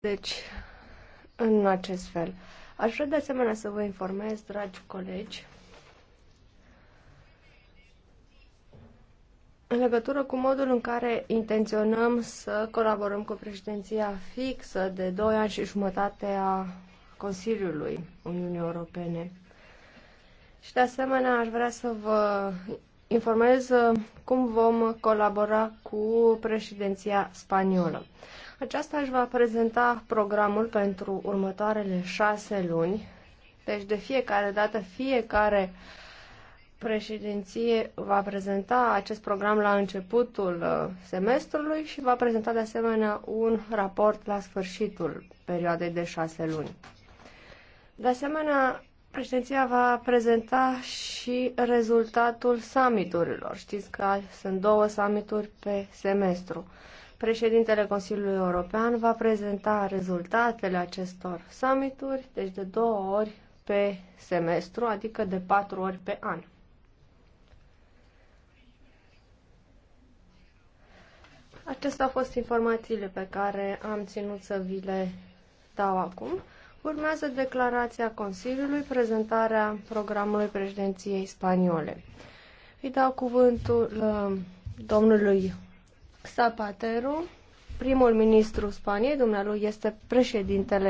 Deci, în acest fel. Aș vrea de asemenea să vă informez, dragi colegi, în legătură cu modul în care intenționăm să colaborăm cu președinția fixă de 2 ani și jumătate a Consiliului Uniunii Europene. Și de asemenea aș vrea să vă informez cum vom colabora cu președinția spaniolă. Aceasta își va prezenta programul pentru următoarele șase luni. Deci de fiecare dată, fiecare președinție va prezenta acest program la începutul uh, semestrului și va prezenta de asemenea un raport la sfârșitul perioadei de șase luni. De asemenea, Președinția va prezenta și rezultatul summiturilor. Știți că sunt două summituri pe semestru. Președintele Consiliului European va prezenta rezultatele acestor summituri, deci de două ori pe semestru, adică de patru ori pe an. Acestea au fost informațiile pe care am ținut să vi le dau acum. Urmează declarația Consiliului, prezentarea programului președinției spaniole. Îi dau cuvântul uh, domnului Zapatero, primul ministru Spaniei, dumnealui este președintele